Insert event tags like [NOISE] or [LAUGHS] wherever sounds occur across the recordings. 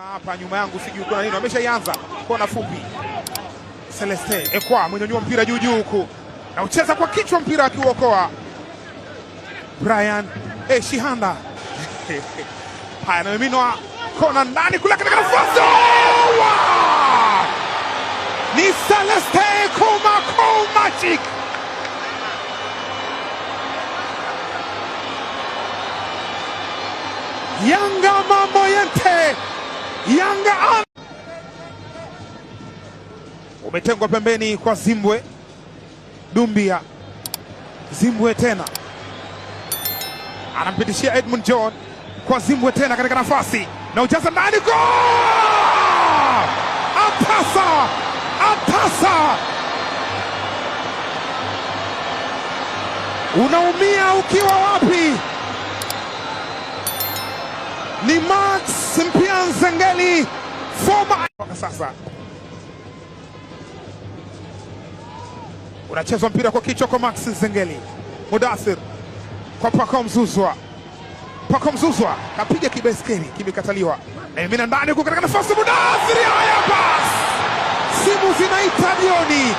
hapa nyuma yangu sijui kuna nini, ameshaianza kona fupi. Celeste Ekwa mwenyanyua mpira juu juu huku na ucheza kwa kichwa mpira akiuokoa Brian eh, Shihanda [LAUGHS] haya, namiminwa kona ndani kule katika nafasi oh, ni Celeste Kuma Kumachik Yanga mambo umetengwa pembeni kwa Zimbwe. Dumbia, Zimbwe tena anampitishia Edmund John kwa Zimbwe tena katika nafasi na ujaza ndani, go! Atasa, atasa! Unaumia ukiwa wapi? Ni Max Mpianzengeli former kwa sasa unachezwa mpira kwa kichwa kwa Max Zengeli, Mudasir kwa Pako Mzuzwa, Pako Mzuzwa kapiga kibeskeli, kimekataliwa na ndani huko katika nafasi Mudasir. Haya basi, simu zinaita jioni,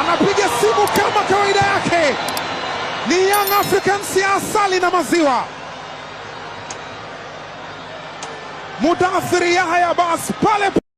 anapiga simu kama kawaida yake. Ni Young Africans ya asali na maziwa. Mudathiri Yahya Abbas pale